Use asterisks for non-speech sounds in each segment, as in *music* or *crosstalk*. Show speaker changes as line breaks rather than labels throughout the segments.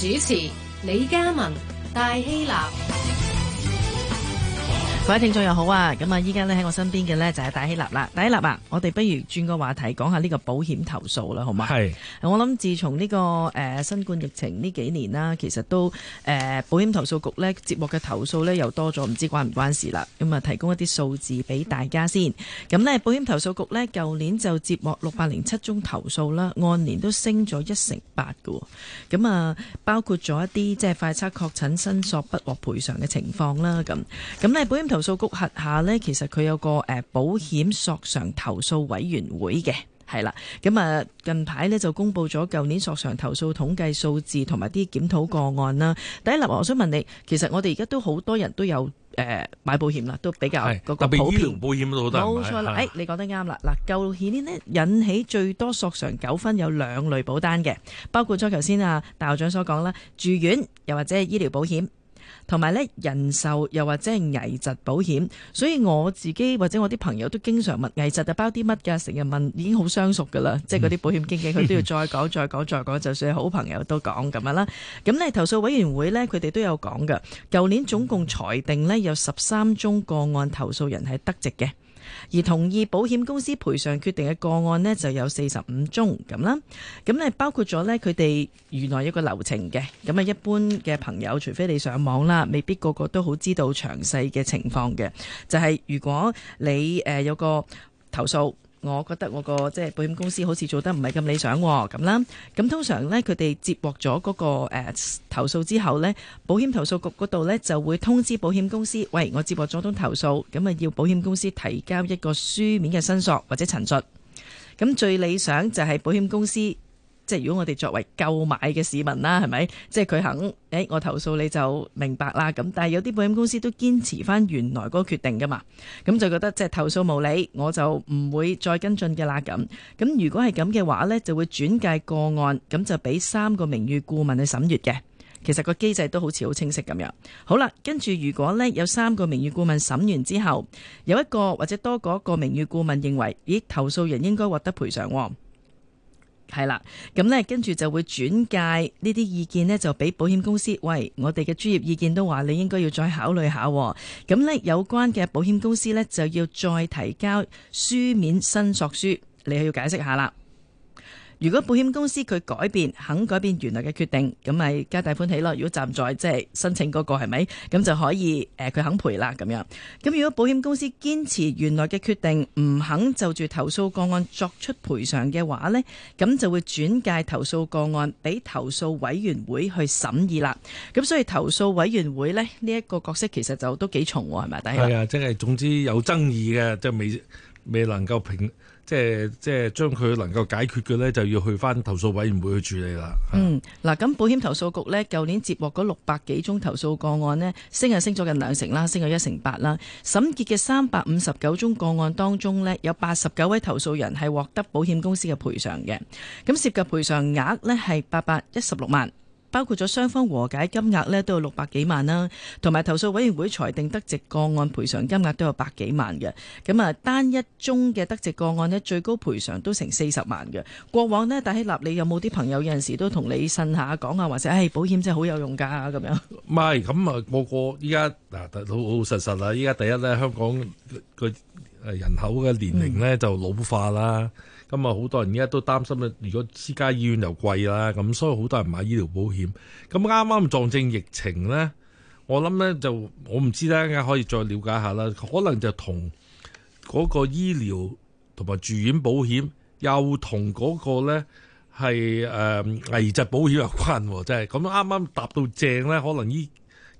主持李嘉文、戴希臘。
各位聽眾又好啊，咁啊，依家咧喺我身邊嘅呢，就係戴希立啦，戴希立啊，我哋不如轉個話題講下呢個保險投訴啦，好嘛？係是，我諗自從呢、這個誒、呃、新冠疫情呢幾年啦，其實都誒、呃、保險投訴局咧接獲嘅投訴咧又多咗，唔知關唔關事啦？咁啊，提供一啲數字俾大家先。咁呢保險投訴局呢，舊年就接獲六百零七宗投訴啦，按年都升咗一成八嘅、哦。咁啊，包括咗一啲即係快測確診申索不獲賠償嘅情況啦。咁，咁咧保險投訴局轄下呢，其實佢有個誒保險索償投訴委員會嘅，係啦。咁啊，近排呢，就公布咗舊年索償投訴統計數字同埋啲檢討個案啦。第一粒，我想問你，其實我哋而家都好多人都有誒、呃、買保險啦，都比較特別醫療保
險都好多。冇錯啦，誒的、哎，
你講得啱啦。嗱的，舊年呢引起最多索償糾紛有兩類保單嘅，包括咗頭先啊大校長所講啦，住院又或者係醫療保險。同埋咧，人壽又或者係危疾保險，所以我自己或者我啲朋友都經常問危疾就包啲乜嘅，成日問已經好相熟噶啦，即係嗰啲保險經紀佢都要再講再講再講，就算係好朋友都講咁樣啦。咁咧投訴委員會咧，佢哋都有講噶，舊年總共裁定呢，有十三宗個案投訴人係得直嘅。而同意保險公司賠償決定嘅個案呢，就有四十五宗咁啦。咁呢包括咗呢，佢哋原來一個流程嘅。咁啊，一般嘅朋友，除非你上網啦，未必個個都好知道詳細嘅情況嘅。就係、是、如果你誒、呃、有個投訴。我覺得我個即係保險公司好似做得唔係咁理想咁、哦、啦。咁通常呢，佢哋接獲咗嗰個誒、呃、投訴之後咧，保險投訴局嗰度呢就會通知保險公司：喂，我接獲咗通投訴，咁啊要保險公司提交一個書面嘅申索或者陳述。咁最理想就係保險公司。即係如果我哋作為購買嘅市民啦，係咪？即係佢肯，誒、哎，我投訴你就明白啦。咁但係有啲保險公司都堅持翻原來嗰個決定噶嘛。咁就覺得即係投訴無理，我就唔會再跟進嘅啦。咁咁如果係咁嘅話呢，就會轉介個案，咁就俾三個名譽顧問去審閱嘅。其實個機制都好似好清晰咁樣。好啦，跟住如果呢，有三個名譽顧問審完之後，有一個或者多過一個名譽顧問認為，咦，投訴人應該獲得賠償喎。係啦，咁呢跟住就會轉介呢啲意見呢，就俾保險公司喂，我哋嘅專業意見都話你應該要再考慮下，咁呢有關嘅保險公司呢，就要再提交書面申索書，你去要解釋下啦。如果保險公司佢改變，肯改變原來嘅決定，咁咪皆大歡喜咯。如果站在即係、就是、申請嗰、那個係咪，咁就可以誒佢、呃、肯賠啦咁樣。咁如果保險公司堅持原來嘅決定，唔肯就住投訴個案作出賠償嘅話呢，咁就會轉介投訴個案俾投訴委員會去審議啦。咁所以投訴委員會咧呢一、這個角色其實就都幾重係咪？係啊，
即係、哎、總之有爭議嘅，即未。未能夠平，即係即係將佢能夠解決嘅呢，就要去翻投訴委員會去處理啦。嗯，
嗱，咁保險投訴局呢，舊年接獲嗰六百幾宗投訴個案呢，升啊升咗近兩成啦，升咗一成八啦。審結嘅三百五十九宗個案當中呢，有八十九位投訴人係獲得保險公司嘅賠償嘅，咁涉及賠償額呢，係八百一十六萬。包括咗雙方和解金額咧都有六百幾萬啦，同埋投訴委員會裁定得直個案賠償金額都有百幾萬嘅。咁啊，單一宗嘅得直個案咧，最高賠償都成
四十萬嘅。
過往咧，戴希立，你有冇啲朋友有陣時都同你呻下講啊，或者誒保險真係好有用㗎咁樣？
唔係咁啊，個個依家嗱老老實實啦。依家第一咧，香港個人口嘅年齡咧就老化啦。咁啊，好多人而家都擔心咧。如果私家醫院又貴啦，咁所以好多人買醫療保險。咁啱啱撞正疫情呢，我諗呢就我唔知大家可以再了解下啦。可能就同嗰個醫療同埋住院保險，又同嗰個咧係誒危疾保險有關喎。真係咁啱啱搭到正呢，可能醫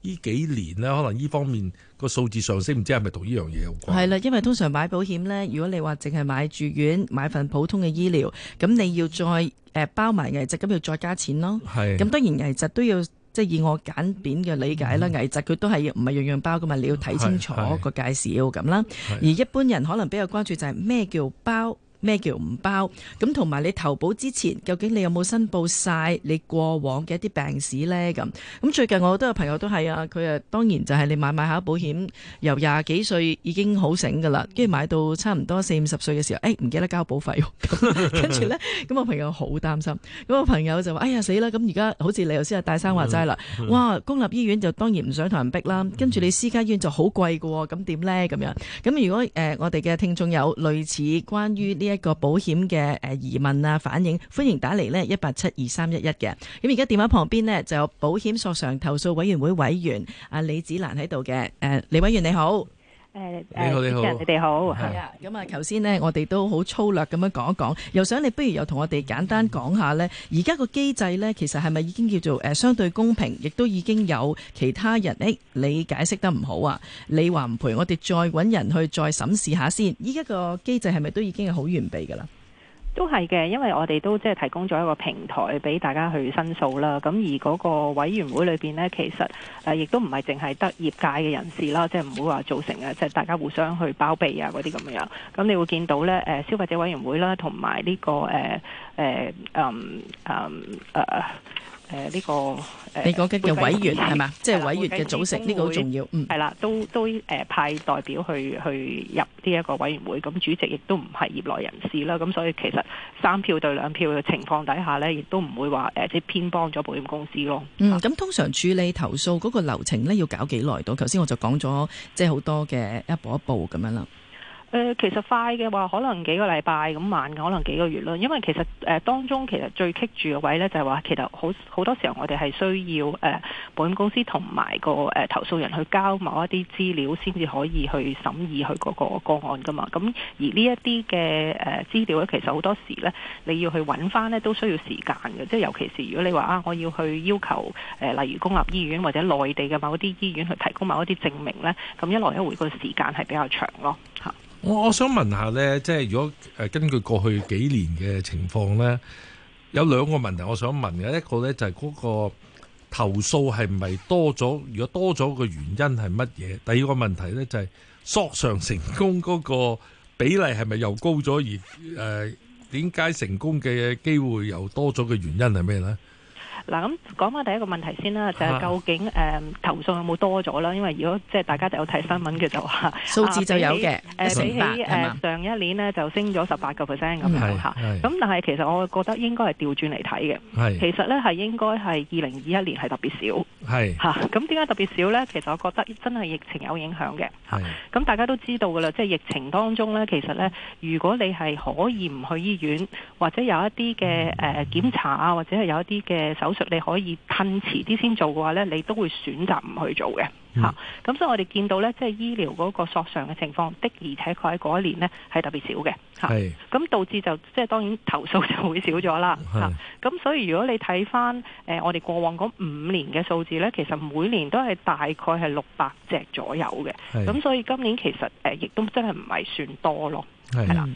呢幾年咧，可能呢方面個數字上升，唔知係咪同呢樣嘢有
關？係啦，因為通常買保險呢，如果你話淨係買住院、買份普通嘅醫療，咁你要再誒、呃、包埋危疾，咁要再加錢咯。係的。咁當然危疾都要，即係以我簡便嘅理解啦，危疾佢都係唔係樣樣包噶嘛？你要睇清楚的的個介紹咁啦。的而一般人可能比較關注就係咩叫包。咩叫唔包？咁同埋你投保之前，究竟你有冇申報晒你過往嘅一啲病史咧？咁咁最近我都有朋友都係啊，佢啊，當然就係你買買下保險由廿幾歲已經好醒噶啦，跟住買到差唔多四五十歲嘅時候，誒唔記得交保費， *laughs* 跟住咧，咁我朋友好擔心。咁我朋友就話哎呀死啦！咁而家好似你頭先啊戴生話齋啦，哇！公立醫院就當然唔想同人逼啦，跟住你私家醫院就好貴嘅喎，咁點咧咁樣，咁如果誒、呃、我哋嘅聽眾有類似關於呢一個保險嘅，誒疑問啊，反映，歡迎打嚟，呢一八七二三一一嘅。咁而家電話旁邊呢就有保險索償投訴委員會委員阿李紫蘭喺度嘅。誒、呃，李委員你好。你好，你好，你哋好，係啊。咁啊，頭先呢，我哋都好粗略咁樣講一講，又想你，不如又同我哋簡單講下呢。而家個機制呢，其實係咪已經叫做誒相對公平，亦都已經有其他人，誒、哎，你解釋得唔好啊，你話唔賠，我哋再搵人去再審視下先。依家個機制係咪都已經係好完備噶啦？
都係嘅，因為我哋都即係提供咗一個平台俾大家去申訴啦。咁而嗰個委員會裏邊呢，其實誒亦、呃、都唔係淨係得業界嘅人士啦，即係唔會話造成啊，即、就、係、係、大家互相去包庇啊嗰啲咁樣。咁你會見到呢誒、呃、消費者委員會啦，同埋呢個誒誒嗯嗯誒。呃呃呃呃呃呃誒呢、呃這個誒，呃、你講緊嘅委員係嘛？即係委員嘅組成呢個好重要。嗯，係啦，都都誒、呃、派代表去去入呢一個委員會。咁主席亦都唔係業內人士啦。咁所以其實三票對兩票嘅情況底下咧，亦都唔會話誒即係偏幫咗保險公司咯。嗯，
咁、嗯、通常處理投訴嗰個流程咧，要搞幾耐到？頭先我就講咗即係好多嘅一步一步咁樣啦。
誒、呃、其實快嘅話，可能幾個禮拜；咁慢嘅可能幾個月咯。因為其實誒、呃、當中其實最棘住嘅位咧，就係話其實好好多時候，我哋係需要誒、呃、保險公司同埋個誒、呃、投訴人去交某一啲資料，先至可以去審議佢嗰、那個個案㗎嘛。咁、嗯、而呢一啲嘅誒資料咧，其實好多時咧，你要去揾翻咧，都需要時間嘅。即係尤其是如果你話啊，我要去要求誒、呃，例如公立醫院或者內地嘅某一啲醫院去提供某一啲證明咧，咁一來一回個時間係比較長咯，嚇。
我我想問下呢，即係如果誒根據過去幾年嘅情況呢，有兩個問題我想問嘅，一個呢就係嗰個投訴係咪多咗？如果多咗嘅原因係乜嘢？第二個問題呢就係索償成功嗰個比例係咪又高咗而誒？點解成功嘅機會又多咗嘅原因係咩呢？
嗱，咁講翻第一個問題先啦，就係、是、究竟誒、呃、投訴有冇多咗啦？因為如果即係大家就有睇新聞嘅，就話數字就有嘅，比起誒上一年呢，就升咗十八個 percent 咁樣嚇。咁、嗯、但係其實我覺得應該係調轉嚟睇嘅。的其實咧係應該係二零二一年係特別少。嚇，咁點解特別少咧？其實我覺得真係疫情有影響嘅。咁的大家都知道㗎啦，即、就、係、是、疫情當中咧，其實咧如果你係可以唔去醫院，或者有一啲嘅誒檢查啊，或者係有一啲嘅手。你可以吞遲啲先做嘅話呢，你都會選擇唔去做嘅嚇。咁、嗯啊、所以我哋見到呢，即係醫療嗰個索償嘅情況的，而且確喺嗰一年呢係特別少嘅嚇。咁、啊、是導致就即係當然投訴就會少咗啦，咁所以如果你睇翻誒我哋過往嗰五年嘅數字呢，其實每年都係大概係六百隻左右嘅。咁是所以今年其實誒亦、呃、都真係唔係算多咯。係啦，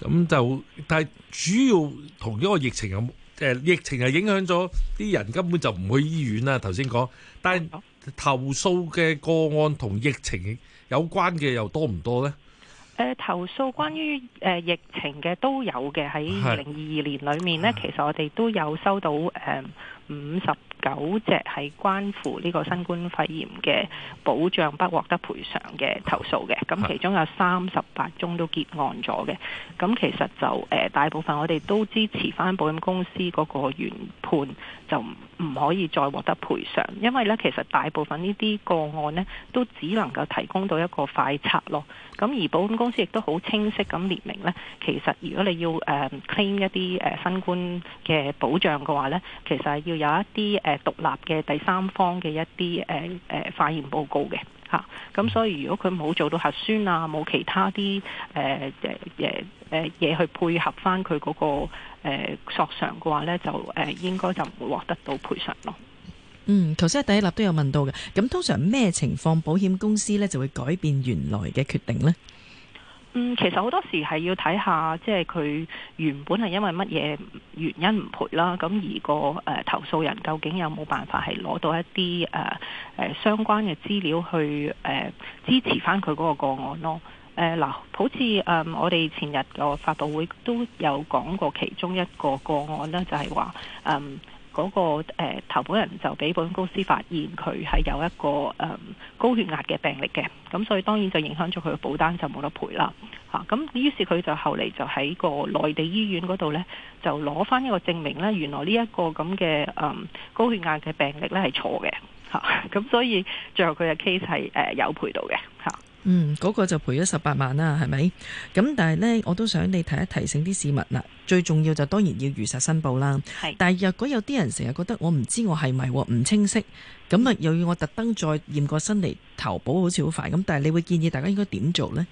咁就但係主要同一個疫情有。誒疫情係影響咗啲人根本就唔去醫院啦。頭先講，但係投訴嘅個案同疫情有關嘅又多唔多呢？
誒投訴關於誒疫情嘅都有嘅，喺二零二二年裡面呢，其實我哋都有收到誒。五十九隻係關乎呢個新冠肺炎嘅保障不獲得賠償嘅投訴嘅，咁其中有三十八宗都結案咗嘅。咁其實就誒大部分我哋都支持返保險公司嗰個原判，就唔可以再獲得賠償，因為呢其實大部分呢啲個案呢都只能夠提供到一個快測咯。咁而保險公司亦都好清晰咁列明呢，其實如果你要誒 claim 一啲誒新冠嘅保障嘅話呢，其實係要，有一啲誒獨立嘅第三方嘅一啲誒誒化驗報告嘅嚇，咁所以如果佢冇做到核酸啊，冇其他啲誒誒誒嘢去配合翻佢嗰個誒索償嘅話呢，就誒應該就唔會獲得到賠償咯。嗯，
頭先第一立都有問到嘅，咁通常咩情況保險公司呢就會改變原來嘅決定呢？
嗯，其實好多時係要睇下，即係佢原本係因為乜嘢原因唔賠啦，咁而個誒、呃、投訴人究竟有冇辦法係攞到一啲誒誒相關嘅資料去誒、呃、支持翻支持返佢嗰個個案咯。誒、呃、嗱，好似誒、呃、我哋前日個發佈會都有講過其中一個個案啦，就係話誒。呃嗰個誒投保人就俾保險公司發現佢係有一個誒高血壓嘅病歷嘅，咁所以當然就影響咗佢嘅保單就冇得賠啦。嚇，咁於是佢就後嚟就喺個內地醫院嗰度呢，就攞翻一個證明呢，原來呢一個咁嘅誒高血壓嘅病歷呢係錯嘅。嚇，咁所以最後佢嘅 case 係誒有賠到嘅。嚇。
嗯，嗰個就賠咗十八萬啦，係咪？咁但係呢，我都想你提一提醒啲市民啦。最重要就當然要如實申報啦。係是。但係，如果有啲人成日覺得我唔知我係咪唔清晰，咁啊又要我特登再驗個身嚟投保，好似好快咁。但係你會建議大家應該點做呢？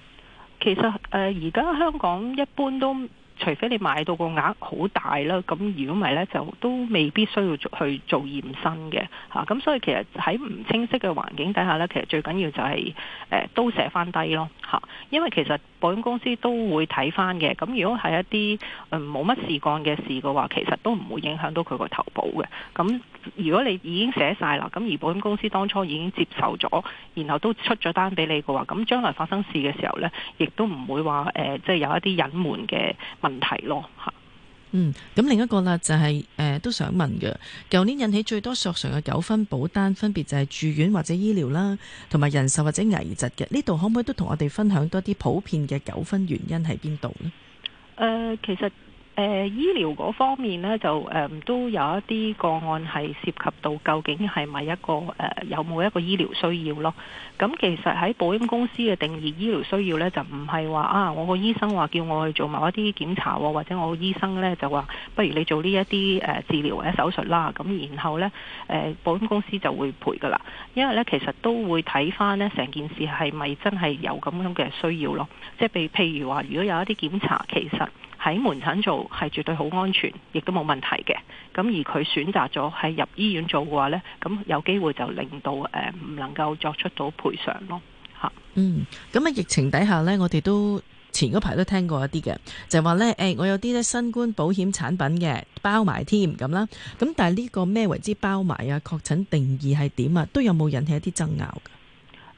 其實誒，而家香港一般都。除非你買到個額好大啦，咁如果唔係呢，就都未必需要去做驗身嘅嚇。咁、啊、所以其實喺唔清晰嘅環境底下呢，其實最緊要就係、是、誒、呃、都寫翻低咯嚇、啊。因為其實保險公司都會睇翻嘅。咁如果係一啲冇乜事干嘅事嘅話，其實都唔會影響到佢個投保嘅咁。啊。如果你已經寫晒啦，咁而保險公司當初已經接受咗，然後都出咗單俾你嘅話，咁將來發生事嘅時候呢，亦都唔會話誒、呃，即係有一啲隱瞞嘅問題咯嚇。嗯，
咁另一個啦，就係、是、誒、呃、都想問嘅，舊年引起最多索償嘅糾紛保單，分別就係住院或者醫療啦，同埋人壽或者危疾嘅，呢度可唔可以都同我哋分享多啲普遍嘅糾紛原因喺邊度呢？誒、
呃，其實。誒、呃、醫療嗰方面呢，就誒、呃、都有一啲個案係涉及到究竟係咪一個誒、呃、有冇一個醫療需要咯？咁其實喺保險公司嘅定義醫療需要呢就唔係話啊，我個醫生話叫我去做某一啲檢查，或者我醫生呢就話不如你做呢一啲誒治療或者手術啦。咁然後呢，誒、呃、保險公司就會賠㗎喇，因為呢其實都會睇返呢成件事係咪真係有咁樣嘅需要咯。即係譬譬如話，如果有一啲檢查其實，喺門診做係絕對好安全，亦都冇問題嘅。咁而佢選擇咗係入醫院做嘅話呢，咁有機會就令到誒唔、呃、能夠作出到賠償咯吓。嗯，咁
喺疫情底下呢，我哋都前嗰排都聽過一啲嘅，就係話呢，誒、欸、我有啲呢新冠保險產品嘅包埋添咁啦。咁但係呢個咩為之包埋啊？確診定義係點啊？都有冇引起一啲爭拗？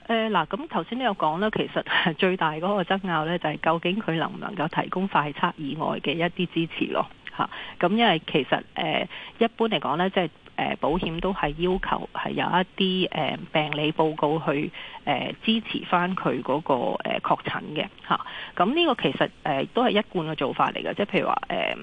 誒嗱，咁頭先都有講啦，其實最大嗰個爭拗咧，就係、是、究竟佢能唔能夠提供快測以外嘅一啲支持咯，嚇、啊。咁因為其實誒、呃、一般嚟講咧，即係誒、呃、保險都係要求係有一啲誒、呃、病理報告去誒、呃、支持返佢嗰個誒、呃、確診嘅，嚇、啊。咁呢個其實誒、呃、都係一貫嘅做法嚟嘅，即係譬如話誒、呃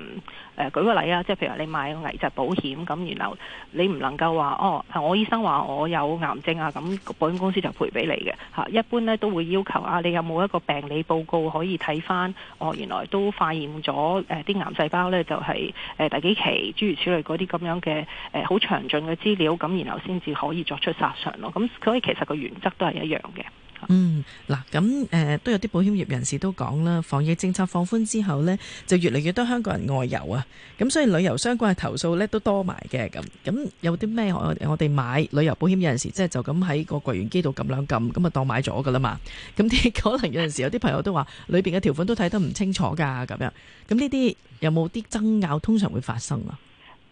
誒舉個例啊，即係譬如你買個危疾保險咁，然後你唔能夠話哦，我醫生話我有癌症啊，咁保險公司就賠俾你嘅嚇。一般咧都會要求啊，你有冇一個病理報告可以睇返哦？原來都發現咗誒啲癌細胞咧，就係、是、誒、呃、第幾期諸如此類嗰啲咁樣嘅誒好詳盡嘅資料，咁然後先至可以作出索償咯。咁、嗯、所以其實個原則都係一樣嘅。
嗯，嗱，咁、呃、誒，都有啲保險業人士都講啦，防疫政策放寬之後呢，就越嚟越多香港人外遊啊，咁所以旅遊相關嘅投訴呢，都多埋嘅，咁，咁有啲咩我哋買旅遊保險有陣時即係就咁喺個櫃員機度撳兩撳，咁啊當買咗噶啦嘛，咁結果可能有陣時有啲朋友都話裏邊嘅條款都睇得唔清楚噶，咁樣，咁呢啲有冇啲爭拗通常會發生啊？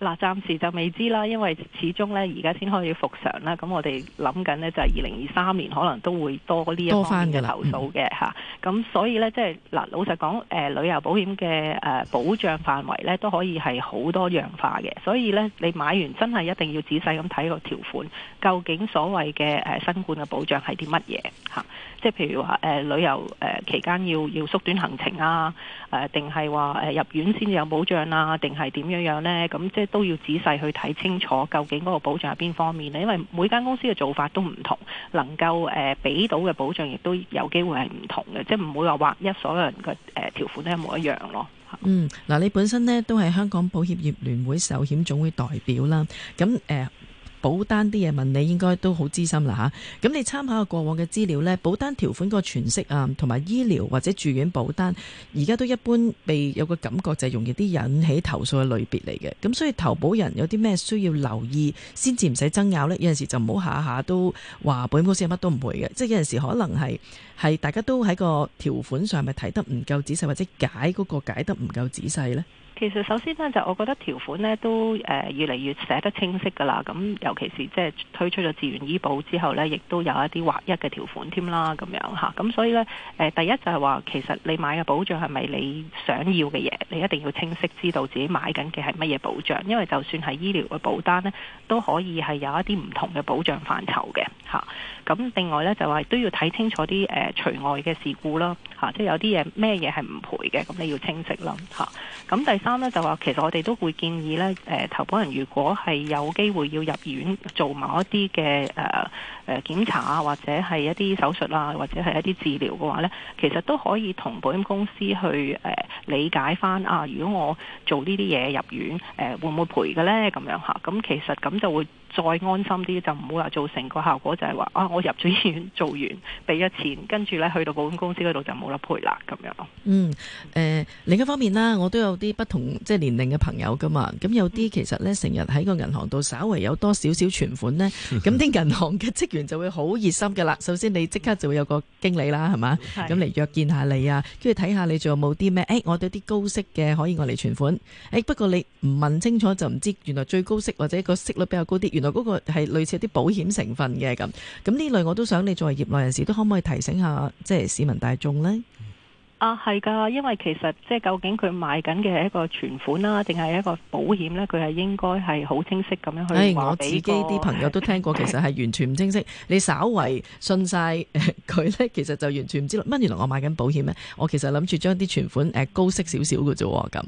嗱，暫時就未知啦，因為始終咧而家先開始復常啦，咁、嗯、我哋諗緊呢，就係二零二三年可能都會多呢一方面嘅投訴嘅嚇，咁、嗯啊、所以咧即係嗱，老實講誒、呃、旅遊保險嘅誒保障範圍咧都可以係好多樣化嘅，所以咧你買完真係一定要仔細咁睇個條款，究竟所謂嘅誒、呃、新冠嘅保障係啲乜嘢嚇？即係譬如話誒、呃、旅遊誒期間要要縮短行程啊，誒定係話誒入院先至有保障啊，定係點樣樣咧？咁即係。啊啊啊啊啊啊都要仔細去睇清楚，究竟嗰個保障係邊方面咧？因為每間公司嘅做法都唔同，能夠誒俾、呃、到嘅保障亦都有機會係唔同嘅，即係唔會話劃一所有人嘅誒、呃、條款都一模一樣咯。嗯，
嗱，你本身咧都係香港保險業聯會壽險總會代表啦，咁誒。呃保單啲嘢問你應該都好資深啦嚇，咁你參考下過往嘅資料咧，保單條款個詮釋啊，同埋醫療或者住院保單，而家都一般被有個感覺就係容易啲引起投訴嘅類別嚟嘅，咁所以投保人有啲咩需要留意先至唔使爭拗呢？有陣時就唔好下下都話保險公司乜都唔賠嘅，即係有陣時可能係係大家都喺個條款上咪睇得唔夠仔細，或者解嗰個解得唔夠仔細呢。
其實首先呢，就我覺得條款呢都誒越嚟越寫得清晰㗎喇。咁尤其是即係推出咗自願醫保之後呢，亦都有一啲劃一嘅條款添啦。咁樣吓，咁所以呢，誒，第一就係話其實你買嘅保障係咪你想要嘅嘢？你一定要清晰知道自己買緊嘅係乜嘢保障。因為就算係醫療嘅保單呢，都可以係有一啲唔同嘅保障範疇嘅吓。咁、啊、另外呢，就話都要睇清楚啲誒、呃、除外嘅事故啦吓、啊，即係有啲嘢咩嘢係唔賠嘅，咁你要清晰啦吓。咁、啊嗯、第三。咁咧就話，其實我哋都會建議咧，誒、呃、投保人如果係有機會要入院做某一啲嘅誒誒檢查啊，或者係一啲手術啊，或者係一啲治療嘅話咧，其實都可以同保險公司去誒、呃、理解翻啊。如果我做呢啲嘢入院，誒、呃、會唔會賠嘅咧？咁樣吓，咁其實咁就會。再安心啲就唔好話造成個效果就係、是、話啊，我入咗醫院做完，俾咗錢跟住咧去到保險公司嗰度就冇得賠啦咁樣咯。嗯，
誒、呃，另一方面啦，我都有啲不同即係年齡嘅朋友噶嘛，咁有啲其實咧成日喺個銀行度稍微有多少少存款咧，咁啲 *laughs* 銀行嘅職員就會好熱心噶啦。首先你即刻就會有個經理啦，係嘛？咁嚟約見下你啊，跟住睇下你仲有冇啲咩？誒、哎、我哋啲高息嘅可以我嚟存款。誒、哎、不過你唔問清楚就唔知原來最高息或者個息率比較高啲。嗱，原來嗰個係類似啲保險成分嘅，咁，咁呢類我都想你作為業內人士，都可唔可以提醒下即係市民大眾呢？
啊，係噶，因為其實即係究竟佢賣緊嘅係一個存款啦，定係一個保險呢？佢係應該係好清晰咁樣去。唉、哎，我自己啲朋友
都聽過，其實係完全唔清晰。 *laughs* 你稍為信晒佢呢，其實就完全唔知乜，原來我買緊保險呢？我其實諗住將啲存款誒高息少少嘅啫咁。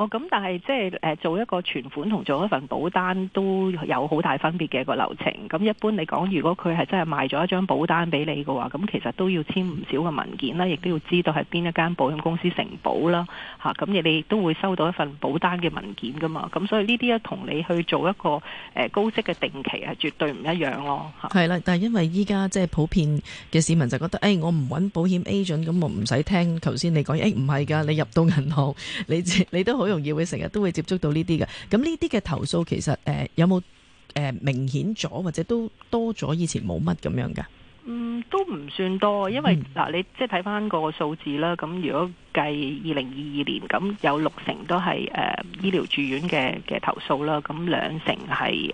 哦，咁但係即係誒，做一個存款同做一份保單都有好大分別嘅個流程。咁一般嚟講，如果佢係真係賣咗一張保單俾你嘅話，咁其實都要簽唔少嘅文件啦，亦都要知道係邊一間保險公司承保啦，吓，咁你亦都會收到一份保單嘅文件噶嘛。咁所以呢啲咧同你去做一個誒高息嘅定期係絕對唔一樣咯。
係啦、嗯，但係因為依家即係普遍嘅市民就覺得誒、哎，我唔揾保險 agent，咁我唔使聽。頭先你講誒，唔係噶，你入到銀行，你你都可以。容易會成日都會接觸到呢啲嘅，咁呢啲嘅投訴其實誒、呃、有冇誒、呃、明顯咗或者都多咗以前冇乜咁樣噶？
嗯，都唔算多，因為嗱，你即係睇返個數字啦。咁如果計二零二二年，咁有六成都係誒、呃、醫療住院嘅嘅投訴啦。咁兩成係誒、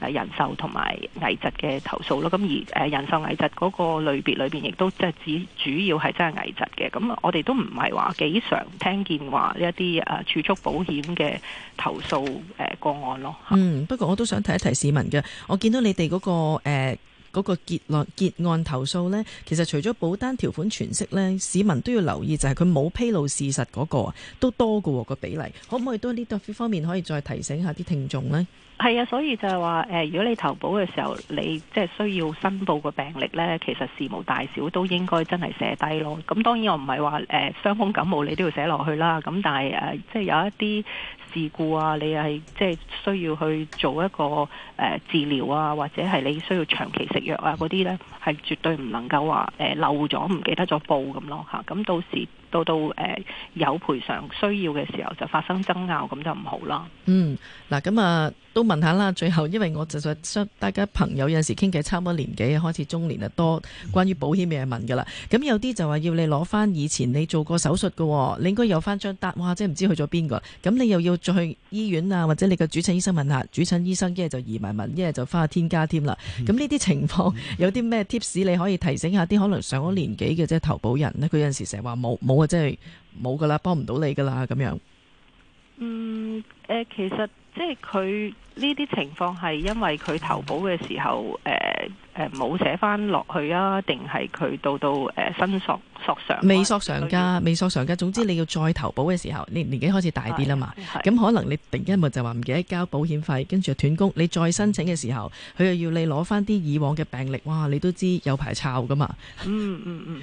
呃、人壽同埋危疾嘅投訴咯。咁而誒、呃、人壽危疾嗰個類別裏邊，亦都即係只主要係真係危疾嘅。咁我哋都唔係話幾常聽見話呢一啲誒儲蓄保險嘅投訴誒、呃、個案咯。
嗯，不過我都想提一提市民嘅，我見到你哋嗰、那個誒。呃嗰個結案結案投訴呢，其實除咗保單條款詮釋呢，市民都要留意，就係佢冇披露事實嗰、嗰個都多噶、啊嗰個比例，可唔可以都喺呢度方面可以再提醒下啲聽眾呢？
係啊，所以就係話誒，如果你投保嘅時候，你即係需要申報個病歷呢，其實事無大小都應該真係寫低咯。咁當然我唔係話誒傷風感冒你都要寫落去啦。咁但係誒、呃，即係有一啲事故啊，你係即係需要去做一個誒、呃、治療啊，或者係你需要長期食。藥啊嗰啲咧，係絕對唔能夠話誒漏咗唔記得咗報咁咯吓，咁到時到到誒有賠償需要嘅時候就發生爭拗，咁就唔好啦。嗯，
嗱咁啊。都問下啦，最後因為我就實大家朋友有陣時傾偈，差唔多年紀開始中年啊，多關於保險嘅嘢問噶啦。咁有啲就話要你攞翻以前你做過手術嘅，哦，你應該有翻張單，哇，真係唔知去咗邊個。咁你又要再去醫院啊，或者你嘅主診醫生問下，主診醫生一係就移埋問，一係就翻去添加添啦。咁呢啲情況有啲咩 tips 你可以提醒下啲可能上咗年紀嘅即係投保人呢？佢有陣時成日話冇冇啊，即係冇噶啦，幫唔到你噶啦咁樣。嗯，誒、呃，其實。
即係佢呢啲情況係因為佢投保嘅時候，誒誒冇寫翻落去啊，定係佢到到誒、呃、新索索
償未索償㗎，以未索償㗎。總之你要再投保嘅時候，年、啊、年紀開始大啲啦嘛，咁是可能你突然間咪就話唔記得交保險費，跟住又斷供，你再申請嘅時候，佢又要你攞翻啲以往嘅病歷，哇！你都知有排抄噶嘛。嗯嗯
嗯。誒、嗯嗯嗯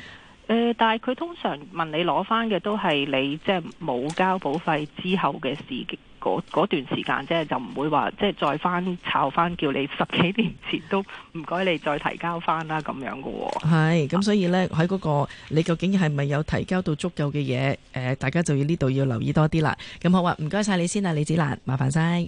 呃，但係佢通常問你攞翻嘅都係你即係冇交保費之後嘅事的。件。嗰嗰段時間就唔會話即係再翻炒翻叫你十幾年前都唔該你再提交翻啦咁樣嘅喎、
哦。係，咁所以呢，喺嗰、啊那個你究竟係咪有提交到足夠嘅嘢？誒、呃，大家就要呢度要留意多啲啦。咁好啊，唔該晒你先啊，李紫蘭，麻煩晒。